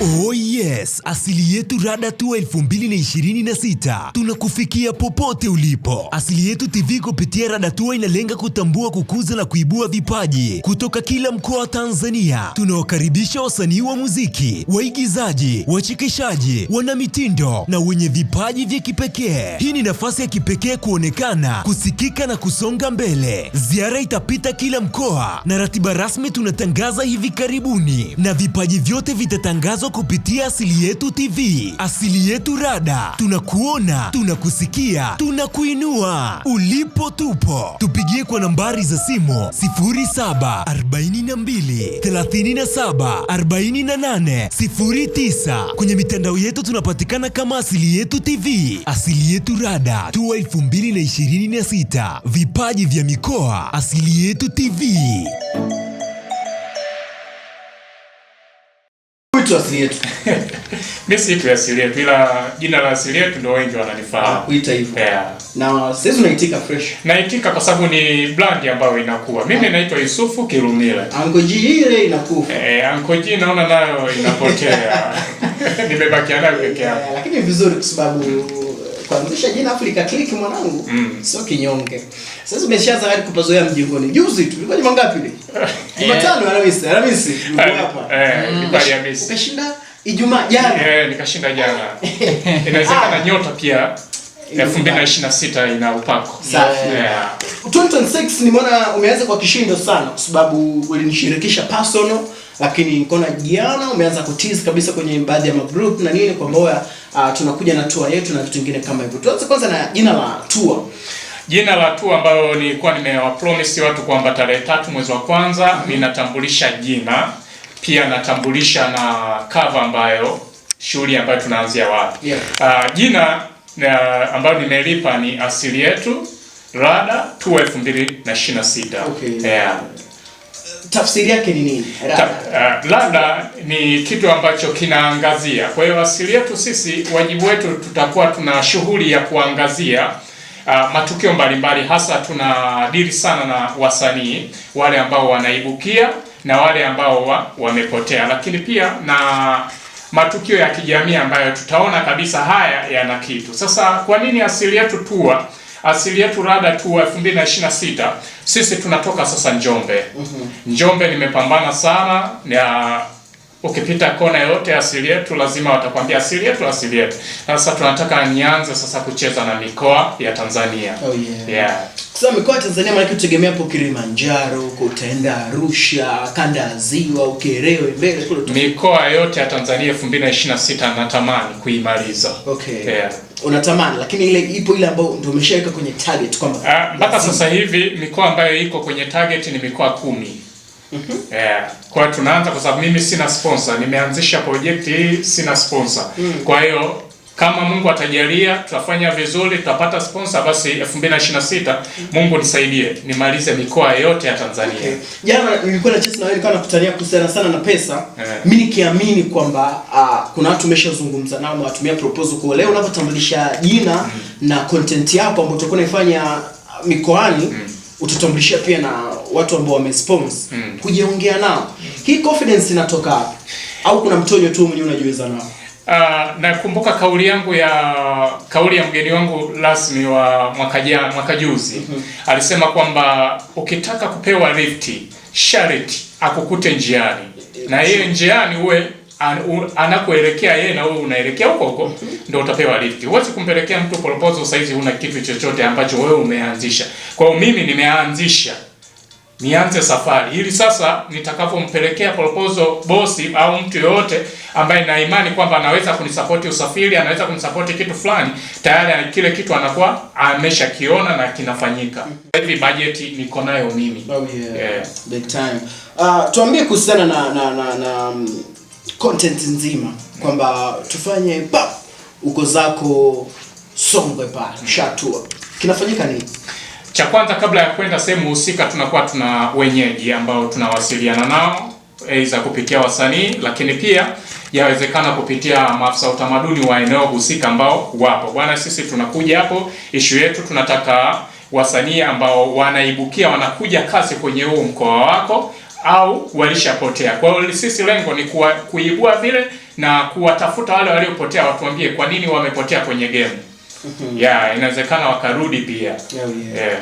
Oi! Yes, Asili Yetu Rada Tour 2026 tunakufikia popote ulipo. Asili Yetu TV kupitia Rada Tour inalenga kutambua, kukuza na kuibua vipaji kutoka kila mkoa wa Tanzania. Tunawakaribisha wasanii wa muziki, waigizaji, wachekeshaji, mitindo na wenye vipaji vya kipekee. Hii ni nafasi ya kipekee kuonekana, kusikika na kusonga mbele. Ziara itapita kila mkoa na ratiba rasmi tunatangaza hivi karibuni, na vipaji vyote vitatangazwa kupitia Asili Yetu TV, Asili Yetu Rada, tunakuona, tunakusikia, tunakuinua. Ulipo tupo, tupigie kwa nambari za simu 0742 Kwenye mitandao yetu tunapatikana kama Asili Yetu TV, Asili Yetu Rada tua 2026, vipaji vya mikoa, Asili Yetu TV. kuitwa asili yetu. Mimi si tu asili yetu ila jina la asili yetu ndio wengi wanalifahamu. Kuita hivyo. Yeah. Na sasa unaitika fresh. Naitika kwa sababu ni brand ambayo inakuwa. Mimi ah. naitwa Yusufu Kirumila. Angoji ile inakufa. Eh, angoji naona nayo inapotea. Nimebakia nayo peke yangu. Eh, lakini vizuri kwa sababu kuanzisha jina Africa Click mwanangu, mm. sio kinyonge. Sasa umeshaanza hadi kupazoea mjingoni Juzi tu ilikuwa juma ngapi ile? Jumatano, eh. Alhamisi, Alhamisi ulikuwa eh, hapa. Eh, mm. ilikuwa Alhamisi. Ukashinda Ijumaa jana. Eh, nikashinda jana. Inawezekana ah. nyota pia na 2026 ina upako. Safi. Yeah. 2026 nimeona umeanza kwa kishindo sana kwa sababu ulinishirikisha personal lakini nikaona jana umeanza kutease kabisa kwenye baadhi ya magroup na nini kwamba uh, tunakuja na tour yetu na vitu vingine kama hivyo. Tuanze kwanza na jina la tour jina la tour ambayo nilikuwa nimewapromise watu kwamba tarehe tatu mwezi wa kwanza mm -hmm. Ninatambulisha jina pia natambulisha na cover ambayo shughuli ambayo tunaanzia wapi. Yeah. Uh, jina uh, ambayo nimelipa ni asili yetu rada 2026. Okay. Yeah tafsiri yake ni nini? Ta, uh, labda ni kitu ambacho kinaangazia. Kwa hiyo asili yetu sisi, wajibu wetu tutakuwa tuna shughuli ya kuangazia uh, matukio mbalimbali, hasa tunadili sana na wasanii wale ambao wanaibukia na wale ambao wa, wamepotea, lakini pia na matukio ya kijamii ambayo tutaona kabisa haya yana kitu. Sasa kwa nini asili yetu TUWA asili yetu rada tu elfu mbili sisi tunatoka sasa Njombe. mm -hmm. Njombe nimepambana sana na ukipita kona yote asili yetu lazima watakwambia asili yetu, asili yetu. Sasa tunataka nianze sasa kucheza na mikoa ya Tanzania. Oh yeah. Yeah. Kusema mikoa ya Tanzania maana kutegemea hapo Kilimanjaro, huko Arusha, kanda ya Ziwa, Ukerewe, mbele kule. Mikoa yote ya Tanzania 2026 natamani kuimaliza. Okay. Yeah unatamani, lakini ile ipo ile ambayo ndio umeshaweka kwenye target kwamba ah, mpaka sasa hivi mikoa ambayo iko kwenye target ni mikoa kumi. Mm -hmm. Yeah. Kwa tunaanza kwa sababu mimi sina sponsor, nimeanzisha project hii sina sponsor. Mm. Kwa hiyo kama Mungu atajalia tutafanya vizuri, tutapata sponsor, basi 2026 Mungu nisaidie nimalize mikoa yote ya Tanzania. Okay. Jana nilikuwa na chance na wewe, nilikuwa nakutania kuhusiana sana na pesa yeah. Mimi nikiamini kwamba uh, kuna watu umeshazungumza nao na watumia proposal kwa leo unapotambulisha jina mm. na content yako ambayo utakuwa unaifanya mikoani mm. utatambulishia pia na watu ambao wamesponsor mm. kujiongea nao Hii confidence inatoka au kuna mtonyo tu mwenyewe unajiweza nao? Uh, nakumbuka kauli yangu ya kauli ya mgeni wangu rasmi wa mwaka jana mwaka juzi mm -hmm. Alisema kwamba ukitaka kupewa lifti sharti akukute njiani na yeye njiani uwe an, anakuelekea yeye na wewe unaelekea huko huko mm -hmm. Ndio utapewa lifti. Huwezi kumpelekea mtu proposal saizi una kitu chochote ambacho wewe umeanzisha. Kwa hiyo mimi nimeanzisha nianze safari ili sasa nitakapompelekea proposal bosi au mtu yoyote ambaye na imani kwamba anaweza kunisapoti usafiri, anaweza kunisapoti kitu fulani, tayari kile kitu anakuwa ameshakiona na kinafanyika. Hivi bajeti niko nayo mimi. Oh yeah. Yeah. Big time. Uh, tuambie kuhusiana na na na, na um, content nzima kwamba tufanye pap uko zako Songwe pa mm. shatua. Kinafanyika nini? Cha kwanza kabla ya kwenda sehemu husika, tunakuwa tuna wenyeji ambao tunawasiliana nao aidha kupitia wasanii, lakini pia yawezekana kupitia maafisa utamaduni wa eneo husika ambao wapo. Bwana, sisi tunakuja hapo, ishu yetu tunataka wasanii ambao wanaibukia wanakuja kasi kwenye huu mkoa wako au walishapotea. Kwa hiyo sisi lengo ni kuwa, kuibua vile na kuwatafuta wale waliopotea, watuambie kwa nini wamepotea kwenye game. Mm-hmm. yeah, inawezekana wakarudi pia yeah, oh, yeah. Yeah.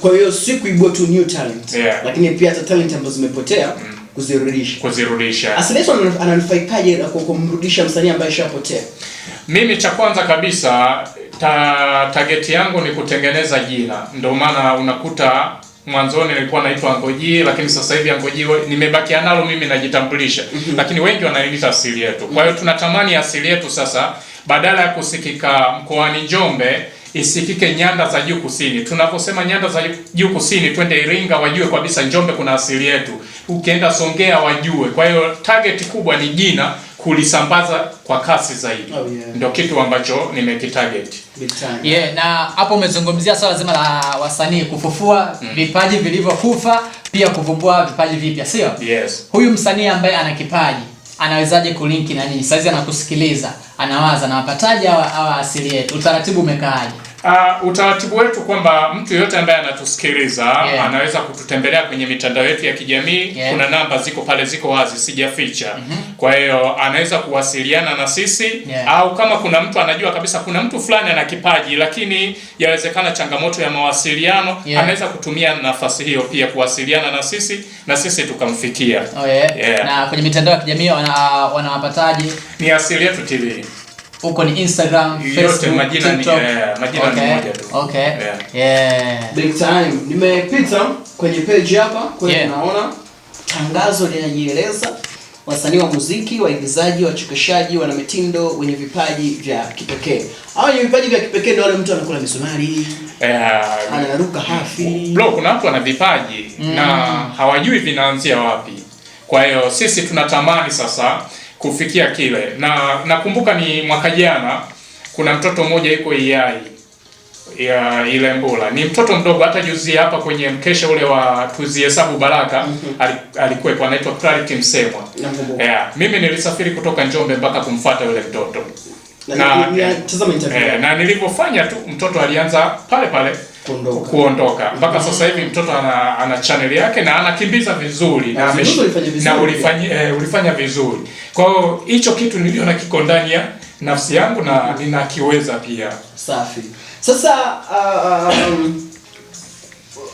Kwa hiyo si kuibua tu new talent yeah. Lakini pia hata talent ambazo zimepotea mm. Kuzirudisha, kuzirudisha. Asilesa ananufaikaje na kumrudisha msanii ambaye shapotea? Mimi cha kwanza kabisa ta, tageti yangu ni kutengeneza jina, ndio maana unakuta mwanzoni nilikuwa naitwa Angoji, lakini sasa hivi Angoji nimebakia nalo mimi najitambulisha, mm-hmm. lakini wengi wananiita asili yetu. Kwa hiyo tunatamani asili yetu sasa badala ya kusikika mkoani Njombe isikike nyanda za juu kusini. Tunaposema nyanda za juu kusini, twende Iringa wajue kabisa Njombe kuna asili yetu, ukienda Songea wajue. Kwa hiyo target kubwa ni jina kulisambaza kwa kasi zaidi. Oh, yeah. Ndio kitu ambacho nimekitarget. Yeah, na hapo umezungumzia swala zima la wasanii kufufua mm, vipaji vilivyokufa pia kuvumbua vipaji vipya, sio? Yes. Huyu msanii ambaye ana kipaji anawezaje kulinki na nini? Saizi anakusikiliza, anawaza nawapataje hawa hawa asili yetu, utaratibu umekaaje? Uh, utaratibu wetu kwamba mtu yeyote ambaye anatusikiliza yeah, anaweza kututembelea kwenye mitandao yetu ya kijamii yeah. Kuna namba ziko pale, ziko wazi, sijaficha mm -hmm. Kwa hiyo anaweza kuwasiliana na sisi yeah, au kama kuna mtu anajua kabisa kuna mtu fulani ana kipaji lakini yawezekana changamoto ya mawasiliano yeah, anaweza kutumia nafasi hiyo pia kuwasiliana na sisi na sisi tukamfikia. Oh yeah. Yeah. Na kwenye mitandao ya kijamii wanawapataje? Ni Asili Yetu TV. Uko ni Instagram, Facebook, majina eh, TikTok. okay. Okay. Yeah. Big time. Nimepita kwenye page hapa kwa hiyo yeah. Naona tangazo linajieleza wasanii wa muziki, waigizaji, wachekeshaji, wana mitindo, wenye vipaji vya kipekee. Hao wenye vipaji vya kipekee ndio wale mtu anakula misumari, uh, anaruka hafi. Bro, kuna watu wana vipaji mm. na hawajui vinaanzia wapi. Kwa hiyo sisi tunatamani sasa kufikia kile, na nakumbuka ni mwaka jana, kuna mtoto mmoja yuko iai e ya ile Ilembula, ni mtoto mdogo. Hata juzi hapa kwenye mkesha ule wa tuzihesabu baraka mm -hmm. alikuwepo, anaitwa Clarity Msemwa yeah. mimi nilisafiri kutoka Njombe mpaka kumfuata yule mtoto na, na, eh, na, na, na, na nilipofanya tu mtoto alianza pale pale kuondoka, kuondoka. Mm-hmm. Mpaka sasa hivi mtoto ana, ana channel yake na anakimbiza vizuri na, na ulifanya, eh, ulifanya vizuri. Kwa hiyo hicho kitu niliona kiko ndani ya nafsi yangu na ninakiweza pia. Safi. Sasa uh,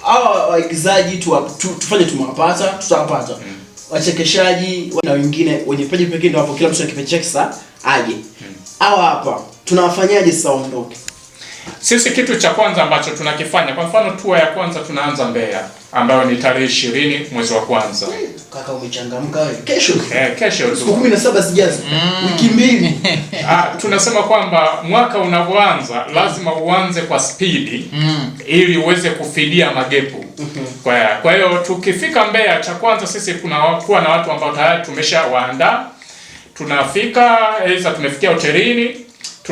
hawa waigizaji tu, tu, tufanye tumewapata, tutawapata mm. Wachekeshaji na wengine wenye vipaji pekee ndio hapo, kila mtu ana kipaji chake, sasa aje mm. hawa Hapa tunawafanyaje sasa waondoke? Sisi kitu cha kwanza ambacho tunakifanya, kwa mfano tour ya kwanza tunaanza Mbeya ambayo ni tarehe ishirini mwezi wa kwanza. Kaka umechangamka wewe. Kesho. Eh, kesho tu. Siku 17 sijazo. Mm. Wiki mbili. Ah, tunasema kwamba mwaka unapoanza lazima uanze kwa spidi mm. ili uweze kufidia magepu. Mm-hmm. Kwa kwa hiyo tukifika Mbeya cha kwanza sisi kuna kuwa na watu ambao tayari tumeshawaandaa. Tunafika aidha tumefikia hotelini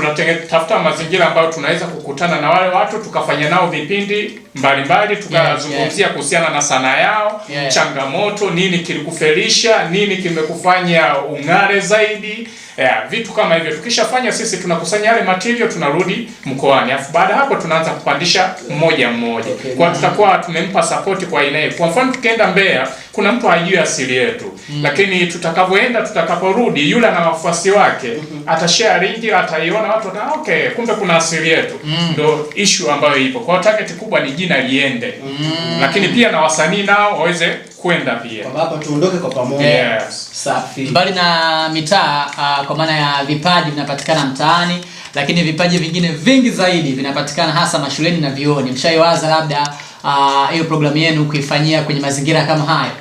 tunatafuta mazingira ambayo tunaweza kukutana na wale watu tukafanya nao vipindi mbalimbali tukazungumzia yeah, kuhusiana na sanaa yao yeah, changamoto, nini kilikufelisha, nini kimekufanya ung'are zaidi, yeah, vitu kama hivyo. Tukishafanya sisi tunakusanya yale material tunarudi mkoani, afu baada hapo tunaanza kupandisha mmoja mmoja, okay, kwa tutakuwa tumempa support kwa aina hiyo. Kwa mfano tukienda Mbeya, kuna mtu hajui asili yetu mm, lakini tutakapoenda, tutakaporudi, yule na wafuasi wake mm -hmm, atashare link, ataiona watu na ah, okay, kumbe kuna asili yetu, mm, ndo mm, issue ambayo ipo. Kwa target kubwa ni jina liende mm. Lakini pia na wasanii nao waweze kwenda pia, kwa sababu tuondoke kwa pamoja yes. Safi. Mbali na mitaa uh, kwa maana ya vipaji vinapatikana mtaani, lakini vipaji vingine vingi zaidi vinapatikana hasa mashuleni na vioni. Mshaiwaza labda uh, hiyo uh, programu yenu kuifanyia kwenye mazingira kama haya?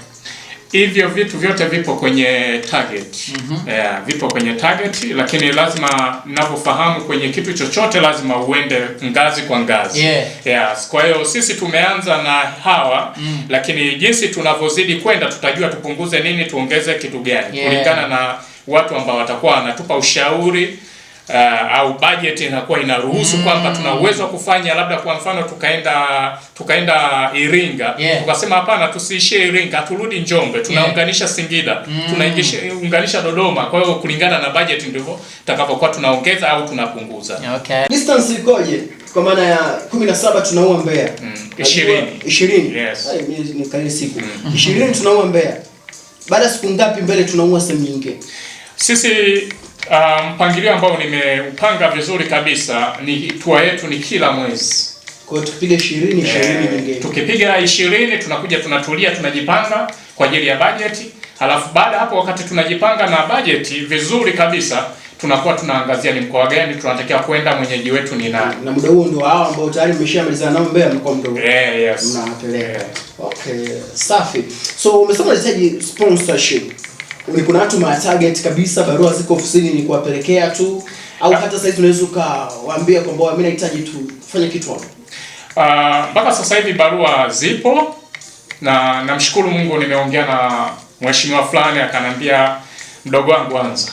hivyo vitu vyote vipo kwenye target. mm -hmm. Yeah, vipo kwenye target, lakini lazima mnavyofahamu kwenye kitu chochote lazima uende ngazi kwa ngazi. yeah. Yes. Kwa hiyo sisi tumeanza na hawa mm. lakini jinsi tunavyozidi kwenda tutajua tupunguze nini tuongeze kitu gani, yeah. kulingana na watu ambao watakuwa wanatupa ushauri uh, au budget inakuwa inaruhusu mm. kwamba tuna uwezo wa kufanya labda kwa mfano tukaenda tukaenda Iringa yeah. tukasema hapana, tusiishie Iringa, turudi Njombe, tunaunganisha Singida mm. tunaunganisha Dodoma. Kwa hiyo kulingana na budget ndivyo takapokuwa tunaongeza au tunapunguza. Okay. Distance ikoje? Kwa maana ya 17 tunaua Mbeya mm. 20 20 yes. Ay, siku mm. 20 tunaua Mbeya, baada siku ngapi mbele tunaua sehemu nyingine sisi Um, mpangilio um, ambao nimeupanga vizuri kabisa ni hatua yetu ni kila mwezi kwa tupige 20 20 nyingine. Tukipiga 20 tunakuja tunatulia tunajipanga kwa ajili ya budget Alafu baada hapo wakati tunajipanga na budget vizuri kabisa tunakuwa tunaangazia ni mkoa gani tunatakiwa kwenda, mwenyeji wetu ni nani. Na muda huo ndio hao ambao tayari mmeshamaliza nao mbele mkoa mdogo. Eh, yes. Mnapeleka. Yeah. Okay, safi. So umesema unahitaji sponsorship ni kuna watu ma target kabisa, barua ziko ofisini ni kuwapelekea tu, au hata sasa unaweza ukawaambia kwamba mimi nahitaji tufanye kitu hapo. Uh, mpaka sasa hivi barua zipo na namshukuru Mungu, nimeongea na mheshimiwa fulani akanambia, mdogo wangu anza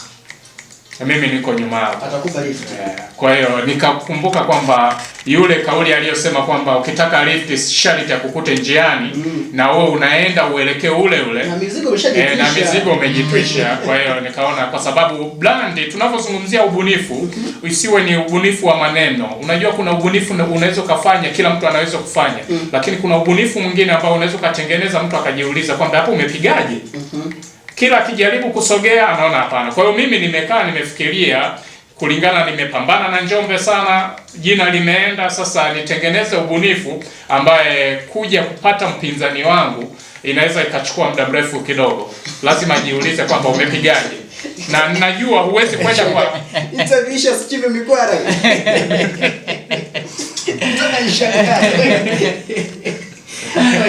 mimi niko nyuma yao. atakupa lift. Kwa hiyo nikakumbuka kwamba yule kauli aliyosema kwamba ukitaka lift sharti kukute njiani mm. na wewe unaenda uelekee ule ule na mizigo, e, na mizigo umejitwisha. Kwa hiyo nikaona kwa sababu brand tunapozungumzia ubunifu mm -hmm. isiwe ni ubunifu wa maneno. Unajua kuna ubunifu unaweza ukafanya, kila mtu anaweza kufanya mm. lakini kuna ubunifu mwingine ambao unaweza ukatengeneza mtu akajiuliza kwamba hapo umepigaje? mm -hmm kila akijaribu kusogea anaona hapana. Kwa hiyo mimi nimekaa nimefikiria, kulingana nimepambana na Njombe sana, jina limeenda sasa, nitengeneze ubunifu ambaye kuja kupata mpinzani wangu inaweza ikachukua muda mrefu kidogo. Lazima jiulize kwamba umepigaje, na najua huwezi kwenda kwa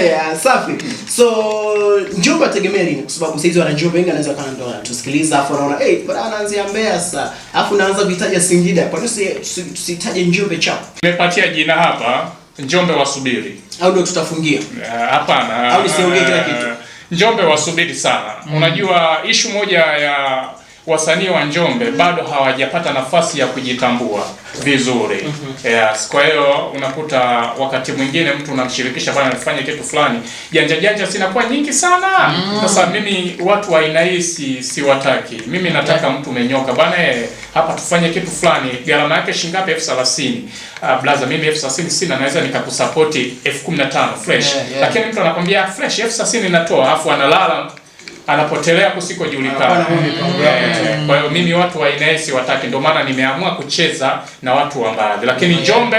So Njombe ategemea lini? Kwa sababu saizi wana Njombe wengi anaweza kana ndo anatusikiliza afu anaona eh, hey, anaanzia Mbeya sasa. Alafu naanza kuitaja Singida. Kwa nini tusitaje Njombe chapa? Nimepatia jina hapa Njombe wasubiri. Au ndio tutafungia? Eh, hapana. Uh, Au nisiongee kila kitu. Eh, Njombe wasubiri sana. Mm. Unajua ishu moja ya wasanii wa Njombe bado hawajapata nafasi ya kujitambua vizuri. mm -hmm. Eh, yes, kwa hiyo unakuta wakati mwingine mtu unamshirikisha bwana anafanya kitu fulani, janja janja zinakuwa nyingi sana. Mm. Sasa mimi watu wa aina hii si, siwataki mimi, nataka mtu menyoka bwana, eh, hapa tufanye kitu fulani, gharama yake shilingi ngapi? elfu thelathini. Uh, ah, blaza, mimi elfu thelathini sina, naweza nikakusapoti elfu kumi na tano fresh. yeah, yeah. Lakini mtu anakwambia fresh elfu thelathini natoa, afu analala anapotelea kusikojulikana. Eh, kwa hiyo mimi watu wa aina wataki, ndio maana nimeamua kucheza na watu wa Mbadhi, lakini oh, Njombe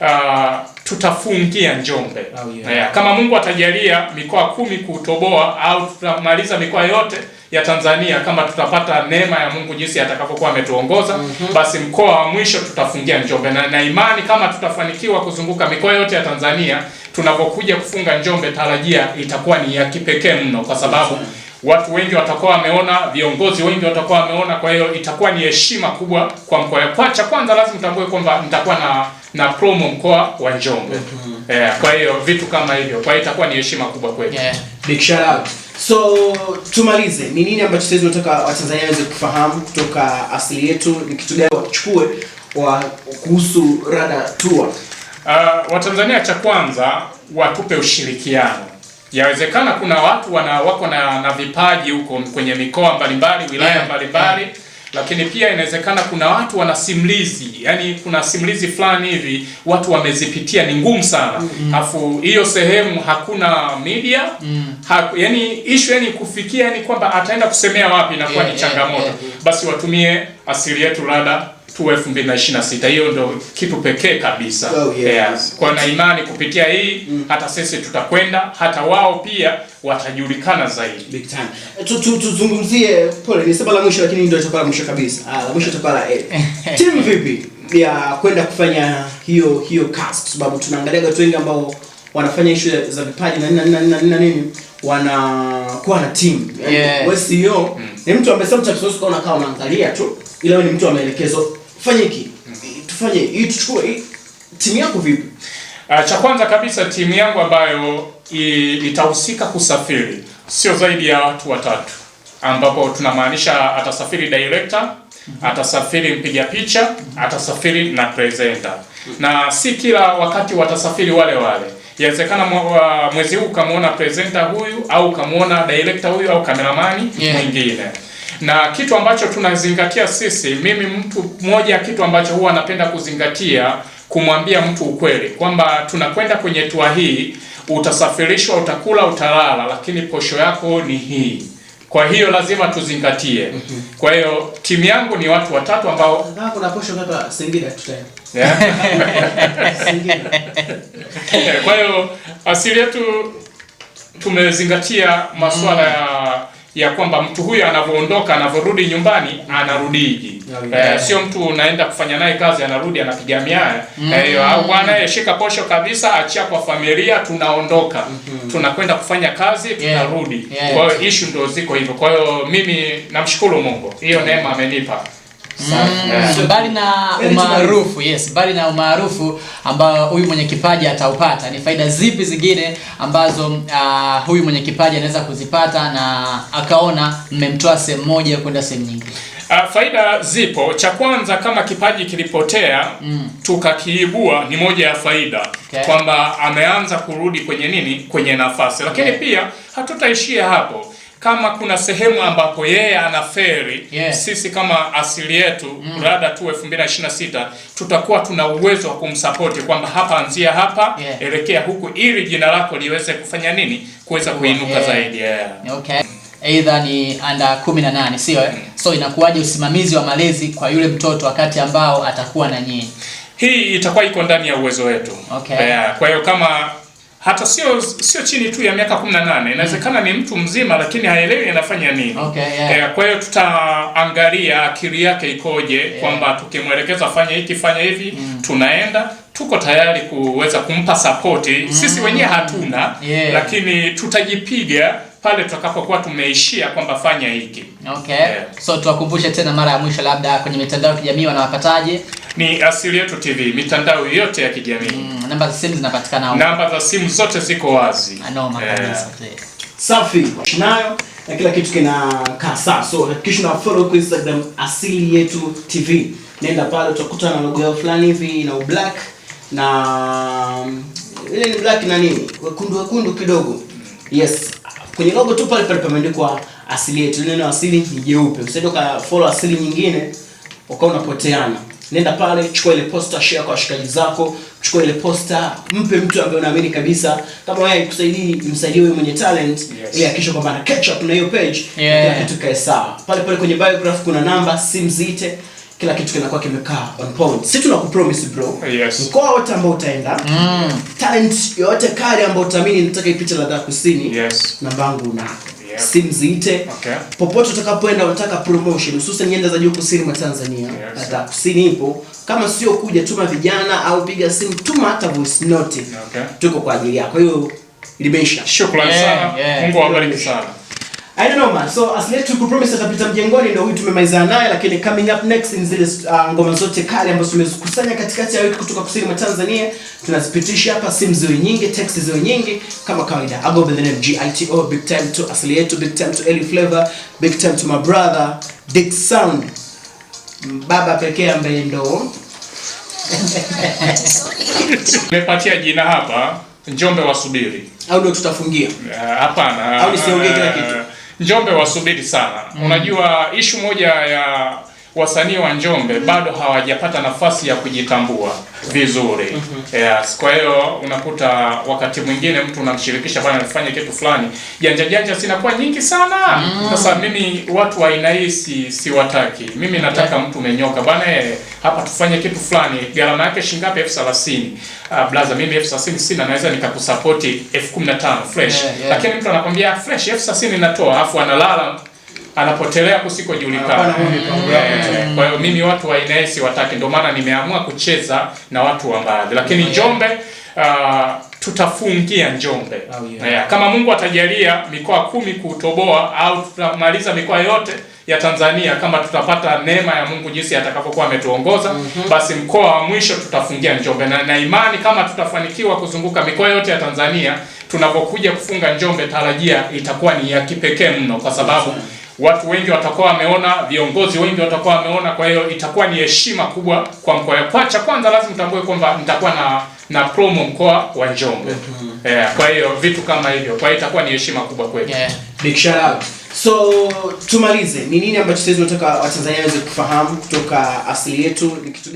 uh, tutafungia Njombe oh, yeah. Yeah. Kama Mungu atajalia mikoa kumi kutoboa au tutamaliza mikoa yote ya Tanzania kama tutapata neema ya Mungu jinsi atakavyokuwa ametuongoza mm -hmm. Basi mkoa wa mwisho tutafungia Njombe na, na imani kama tutafanikiwa kuzunguka mikoa yote ya Tanzania tunapokuja kufunga Njombe, tarajia itakuwa ni ya kipekee mno kwa sababu mm -hmm watu wengi watakuwa wameona, viongozi wengi watakuwa wameona. Kwa hiyo itakuwa ni heshima kubwa kwa mkoa. wa Kwacha. kwanza lazima mtambue kwamba nitakuwa na na promo mkoa wa Njombe. Mm -hmm. Yeah, kwa hiyo vitu kama hivyo, kwa hiyo itakuwa ni heshima kubwa kwetu. Yeah. Big shout out. So tumalize, ni nini ambacho sisi tunataka Watanzania waweze kufahamu kutoka asili yetu, ni kitu gani wachukue wa kuhusu Rada Tour? Uh, Watanzania cha kwanza watupe ushirikiano Yawezekana kuna watu wana wako na, na vipaji huko kwenye mikoa mbalimbali wilaya yeah, mm. mbalimbali yeah. Mm. Lakini pia inawezekana kuna watu wana simulizi, yani kuna simulizi fulani hivi watu wamezipitia, ni ngumu sana mm -hmm. hiyo sehemu hakuna media mm -hmm. Haku, yani issue yani kufikia yani kwamba ataenda kusemea wapi inakuwa yeah, ni eh, eh, changamoto yeah, yeah, yeah. Basi watumie asili yetu rada tu 2026. Hiyo ndo kitu pekee kabisa. Oh, yes. Yeah. Kwa na imani kupitia hii mm. hata sisi tutakwenda, hata wao pia watajulikana zaidi. Big time. Eh, tuzungumzie pole, ni sema la mwisho, lakini ndio itakuwa la mwisho kabisa. Ah, la mwisho itakuwa la eh. Timu vipi ya kwenda kufanya hiyo hiyo cast kwa sababu tunaangalia watu wengi ambao wanafanya issue za vipaji na nini na nini na nini, wanakuwa na team. timu. Wewe CEO mm. ni mtu ambaye sometimes unakaa unaangalia tu, ila wewe ni mtu ameelekezwa fanye tufanye hii tuchukue timu yako vipi? Uh, cha kwanza kabisa timu yangu ambayo itahusika kusafiri sio zaidi ya watu watatu, ambapo tunamaanisha atasafiri director, mhm. atasafiri mpiga picha, mhm. atasafiri na presenter, na si kila wakati watasafiri wale wale. Yawezekana mwezi huu ukamwona presenter huyu au ukamwona director huyu au kameramani yeah, mwingine na kitu ambacho tunazingatia sisi, mimi mtu mmoja, kitu ambacho huwa anapenda kuzingatia kumwambia mtu ukweli kwamba tunakwenda kwenye tua hii, utasafirishwa, utakula, utalala, lakini posho yako ni hii. Kwa hiyo lazima tuzingatie. Mhm. Kwa hiyo timu yangu ni watu watatu ambao kuna posho hapa Singida tutaenda. Kwa hiyo asili yetu tumezingatia masuala mm. ya ya kwamba mtu huyu anavyoondoka, anavyorudi nyumbani, anarudiji eh, sio mtu unaenda kufanya naye kazi anarudi anapiga miaya mm -hmm. eh, mm-hmm. eh au bwana eh, shika posho kabisa, achia kwa familia, tunaondoka mm -hmm. tunakwenda kufanya kazi tunarudi. yeah. yeah. kwa hiyo issue ndio ziko hivyo. Kwa hiyo mimi namshukuru Mungu, hiyo neema amenipa. Mbali mm. na yaani umaarufu yes, bali na umaarufu ambao huyu mwenye kipaji ataupata, ni faida zipi zingine ambazo uh, huyu mwenye kipaji anaweza kuzipata na akaona mmemtoa sehemu moja kwenda sehemu nyingine? Uh, faida zipo. Cha kwanza kama kipaji kilipotea mm. tukakiibua ni moja ya faida okay. kwamba ameanza kurudi kwenye nini, kwenye nafasi, lakini okay. pia hatutaishia hapo kama kuna sehemu ambapo yeye anaferi yeah. Sisi kama asili yetu mm. rada tu 2026 tutakuwa tuna uwezo wa kumsapoti kwamba hapa anzia hapa yeah. elekea huku ili jina lako liweze kufanya nini kuweza kuinuka yeah. zaidi yeah. Okay. Aidha ni anda 18 sio eh? mm. So inakuwaje usimamizi wa malezi kwa yule mtoto wakati ambao atakuwa na nyinyi? Hii itakuwa iko ndani ya uwezo wetu okay. Yeah. Kwa hiyo kama hata sio sio chini tu ya miaka 18, inawezekana ni mtu mzima lakini haelewi anafanya nini. Okay, yeah. E, kwa hiyo tutaangalia akili yake ikoje, yeah. Kwamba tukimwelekeza fanya hiki fanya hivi mm. tunaenda tuko tayari kuweza kumpa sapoti mm. Sisi wenyewe hatuna yeah. Lakini tutajipiga pale tutakapokuwa tumeishia kwamba fanya hiki. Okay. Yeah. So tuwakumbushe tena mara ya mwisho, labda kwenye mitandao ya kijamii wanawapataje? Ni Asili Yetu TV, mitandao yote ya kijamii. Mm, namba za simu zinapatikana huko. Namba za simu zote ziko wazi. Noma Yeah. Safi. Nayo na kila kitu kina kasa. So hakikisha una follow kwa Instagram Asili Yetu TV. Nenda pale utakuta na logo yao fulani hivi na black na mm, ile ni black na nini? Wekundu wekundu kidogo. Yes. Kwenye logo tu pale pale pameandikwa asili yetu. Neno asili ni jeupe. Usije uka follow asili nyingine ukawa unapoteana. Nenda pale, chukua ile posta, share kwa washikaji zako, chukua ile posta, mpe mtu ambaye unaamini kabisa. Kama wewe haikusaidii, msaidie wewe mwenye talent yes, ili kwamba na catch up na hiyo page yeah, kitu kae sawa. Pale pale kwenye biograph kuna namba, simu ziite kila kitu kinakuwa kimekaa on point. Sisi tunakupromise bro. Yes. Mkoa wote ambao utaenda, mm. talent yoyote kali ambayo utaamini nataka ipite ladha kusini. Yes. Namba yangu na yep. sim ziite. Okay. Popote utakapoenda unataka promotion, hususan nyanda za juu kusini mwa Tanzania. Yes. Ladha kusini ipo. Kama sio kuja, tuma vijana au piga simu, tuma hata voice note. Okay. Tuko kwa ajili yako. Kwa hiyo limeisha. Shukrani sana. Yeah, yeah. Mungu awabariki sana. I don't know man. So as late tukupromise atapita mjengoni ndio huyu tumemalizana naye, lakini coming up next ni zile uh, ngoma zote kali ambazo tumezikusanya katikati ya wiki kutoka kusini mwa Tanzania. Tunazipitisha hapa, simu ziwe nyingi, text ziwe nyingi kama kawaida. I go by the name GITO, big time to asili yetu, big time to Eli Flavor, big time to my brother Dick Sound. Baba pekee ambaye ndo Nimepatia jina hapa Njombe wasubiri. Au ndio tutafungia? Eh, hapana. Uh, au nisiongee kila eh, kitu. Njombe wasubiri sana. Mm. Unajua ishu moja ya wasanii wa Njombe mhm. bado hawajapata nafasi ya kujitambua vizuri. mm -hmm. Yes, kwa hiyo unakuta wakati mwingine mtu unamshirikisha bwana afanye kitu fulani, janja janja zinakuwa nyingi sana. Mhm. Sasa mimi watu wa aina hii si, siwataki mimi nataka mtu umenyoka bwana, eh, hapa tufanye kitu fulani, gharama yake shingapi? elfu thelathini. Uh, blaza mimi elfu thelathini sina, naweza nikakusapoti elfu kumi na tano fresh yeah, yeah. Lakini mtu anakwambia fresh elfu thelathini natoa, afu analala anapotelea kusikojulikana. Eh. Kwa hiyo mimi watu wa aina si wataki, ndio maana nimeamua kucheza na watu wa mbali, lakini mm. Njombe uh, tutafungia Njombe. Oh, yeah. Yeah. Kama Mungu atajalia mikoa kumi kutoboa au tutamaliza mikoa yote ya Tanzania kama tutapata neema ya Mungu jinsi atakapokuwa ametuongoza, mm -hmm. Basi mkoa wa mwisho tutafungia Njombe na, na imani kama tutafanikiwa kuzunguka mikoa yote ya Tanzania, tunapokuja kufunga Njombe, tarajia itakuwa ni ya kipekee mno kwa sababu mm -hmm watu wengi watakuwa wameona, viongozi wengi watakuwa wameona. Kwa hiyo itakuwa ni heshima kubwa kwa mkoa. Kwa cha kwanza lazima mtambue kwamba nitakuwa na na promo mkoa wa Njombe mm -hmm. yeah, kwa hiyo vitu kama hivyo, kwa hiyo itakuwa ni heshima kubwa kwetu yeah. Big shout out. So tumalize, ni nini ambacho sisi tunataka Watanzania waweze kufahamu kutoka asili yetu ni kitu gani?